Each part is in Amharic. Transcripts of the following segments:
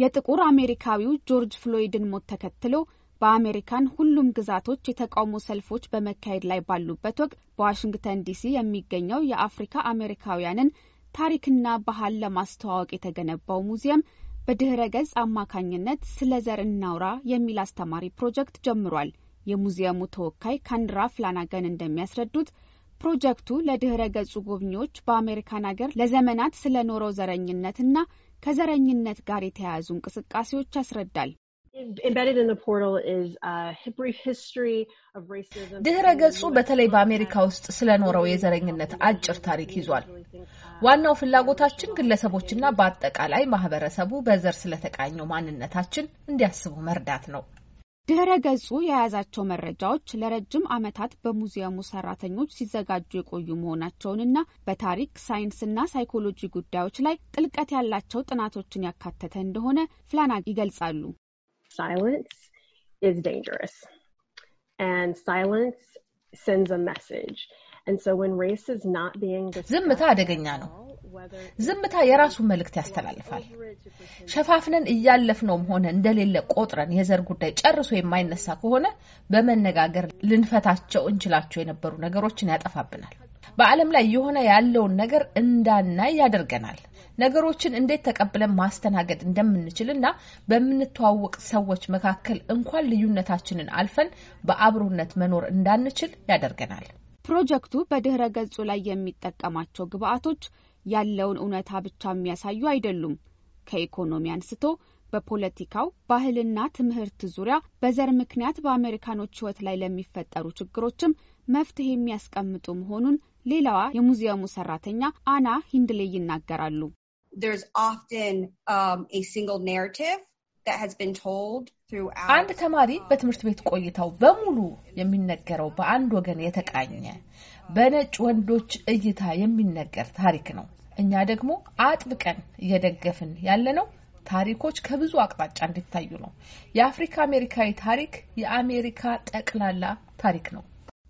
የጥቁር አሜሪካዊው ጆርጅ ፍሎይድን ሞት ተከትሎ በአሜሪካን ሁሉም ግዛቶች የተቃውሞ ሰልፎች በመካሄድ ላይ ባሉበት ወቅት በዋሽንግተን ዲሲ የሚገኘው የአፍሪካ አሜሪካውያንን ታሪክና ባህል ለማስተዋወቅ የተገነባው ሙዚየም በድኅረ ገጽ አማካኝነት ስለ ዘር እናውራ የሚል አስተማሪ ፕሮጀክት ጀምሯል። የሙዚየሙ ተወካይ ካንድራ ፍላናገን እንደሚያስረዱት ፕሮጀክቱ ለድኅረ ገጹ ጎብኚዎች በአሜሪካን ሀገር ለዘመናት ስለ ኖረው ዘረኝነትና ከዘረኝነት ጋር የተያያዙ እንቅስቃሴዎች ያስረዳል። ድህረ ገጹ በተለይ በአሜሪካ ውስጥ ስለኖረው የዘረኝነት አጭር ታሪክ ይዟል። ዋናው ፍላጎታችን ግለሰቦችና በአጠቃላይ ማህበረሰቡ በዘር ስለተቃኘው ማንነታችን እንዲያስቡ መርዳት ነው። ድረ ገጹ የያዛቸው መረጃዎች ለረጅም ዓመታት በሙዚየሙ ሰራተኞች ሲዘጋጁ የቆዩ መሆናቸውንና በታሪክ ሳይንስና ሳይኮሎጂ ጉዳዮች ላይ ጥልቀት ያላቸው ጥናቶችን ያካተተ እንደሆነ ፍላና ይገልጻሉ። ዝምታ አደገኛ ነው። ዝምታ የራሱን መልእክት ያስተላልፋል። ሸፋፍነን እያለፍነውም ሆነ እንደሌለ ቆጥረን የዘር ጉዳይ ጨርሶ የማይነሳ ከሆነ በመነጋገር ልንፈታቸው እንችላቸው የነበሩ ነገሮችን ያጠፋብናል። በዓለም ላይ የሆነ ያለውን ነገር እንዳናይ ያደርገናል። ነገሮችን እንዴት ተቀብለን ማስተናገድ እንደምንችል እና በምንተዋወቅ ሰዎች መካከል እንኳን ልዩነታችንን አልፈን በአብሮነት መኖር እንዳንችል ያደርገናል። ፕሮጀክቱ በድህረ ገጹ ላይ የሚጠቀማቸው ግብአቶች ያለውን እውነታ ብቻ የሚያሳዩ አይደሉም። ከኢኮኖሚ አንስቶ በፖለቲካው ባህልና ትምህርት ዙሪያ በዘር ምክንያት በአሜሪካኖች ሕይወት ላይ ለሚፈጠሩ ችግሮችም መፍትሄ የሚያስቀምጡ መሆኑን ሌላዋ የሙዚየሙ ሰራተኛ አና ሂንድሌ ይናገራሉ። There's often um, a single narrative አንድ ተማሪ um, በትምህርት ቤት ቆይታው በሙሉ የሚነገረው በአንድ ወገን የተቃኘ በነጭ ወንዶች እይታ የሚነገር ታሪክ ነው። እኛ ደግሞ አጥብቀን እየደገፍን ያለነው ታሪኮች ከብዙ አቅጣጫ እንዲታዩ ነው። የአፍሪካ አሜሪካዊ ታሪክ የአሜሪካ ጠቅላላ ታሪክ ነው።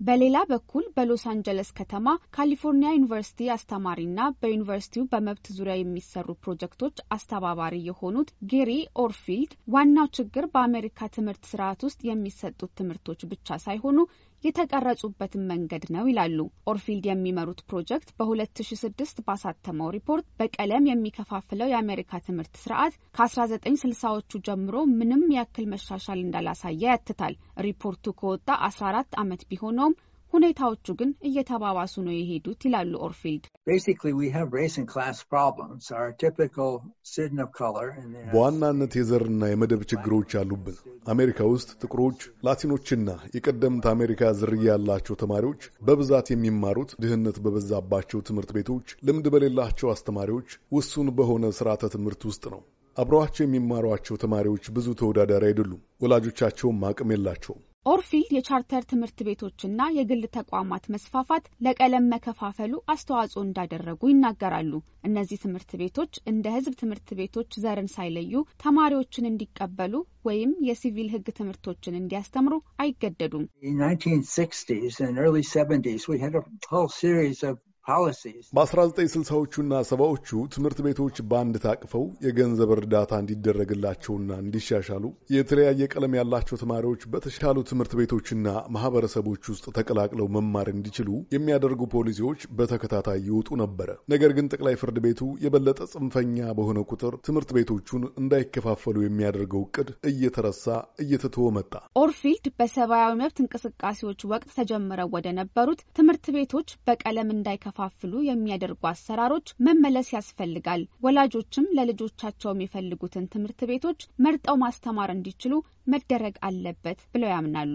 በሌላ በኩል በሎስ አንጀለስ ከተማ ካሊፎርኒያ ዩኒቨርሲቲ አስተማሪና በዩኒቨርሲቲው በመብት ዙሪያ የሚሰሩ ፕሮጀክቶች አስተባባሪ የሆኑት ጌሪ ኦርፊልድ ዋናው ችግር በአሜሪካ ትምህርት ስርዓት ውስጥ የሚሰጡት ትምህርቶች ብቻ ሳይሆኑ የተቀረጹበትን መንገድ ነው ይላሉ። ኦርፊልድ የሚመሩት ፕሮጀክት በ2006 ባሳተመው ሪፖርት በቀለም የሚከፋፍለው የአሜሪካ ትምህርት ስርዓት ከ1960ዎቹ ጀምሮ ምንም ያክል መሻሻል እንዳላሳየ ያትታል። ሪፖርቱ ከወጣ 14 ዓመት ቢሆነውም ሁኔታዎቹ ግን እየተባባሱ ነው የሄዱት ይላሉ ኦርፊልድ። በዋናነት የዘርና የመደብ ችግሮች አሉብን። አሜሪካ ውስጥ ጥቁሮች፣ ላቲኖችና የቀደምት አሜሪካ ዝርያ ያላቸው ተማሪዎች በብዛት የሚማሩት ድህነት በበዛባቸው ትምህርት ቤቶች፣ ልምድ በሌላቸው አስተማሪዎች፣ ውሱን በሆነ ስርዓተ ትምህርት ውስጥ ነው። አብረዋቸው የሚማሯቸው ተማሪዎች ብዙ ተወዳዳሪ አይደሉም። ወላጆቻቸውም አቅም የላቸውም። ኦርፊልድ የቻርተር ትምህርት ቤቶችና የግል ተቋማት መስፋፋት ለቀለም መከፋፈሉ አስተዋጽኦ እንዳደረጉ ይናገራሉ። እነዚህ ትምህርት ቤቶች እንደ ሕዝብ ትምህርት ቤቶች ዘርን ሳይለዩ ተማሪዎችን እንዲቀበሉ ወይም የሲቪል ሕግ ትምህርቶችን እንዲያስተምሩ አይገደዱም። በ1960ዎቹና ሰባዎቹ ትምህርት ቤቶች በአንድ ታቅፈው የገንዘብ እርዳታ እንዲደረግላቸውና እንዲሻሻሉ የተለያየ ቀለም ያላቸው ተማሪዎች በተሻሉ ትምህርት ቤቶችና ማህበረሰቦች ውስጥ ተቀላቅለው መማር እንዲችሉ የሚያደርጉ ፖሊሲዎች በተከታታይ ይወጡ ነበረ። ነገር ግን ጠቅላይ ፍርድ ቤቱ የበለጠ ጽንፈኛ በሆነ ቁጥር ትምህርት ቤቶቹን እንዳይከፋፈሉ የሚያደርገው እቅድ እየተረሳ እየተተወ መጣ። ኦርፊልድ በሰብአዊ መብት እንቅስቃሴዎች ወቅት ተጀምረው ወደ ነበሩት ትምህርት ቤቶች በቀለም እንዳይከፋ እንዲከፋፍሉ የሚያደርጉ አሰራሮች መመለስ ያስፈልጋል። ወላጆችም ለልጆቻቸው የሚፈልጉትን ትምህርት ቤቶች መርጠው ማስተማር እንዲችሉ መደረግ አለበት ብለው ያምናሉ።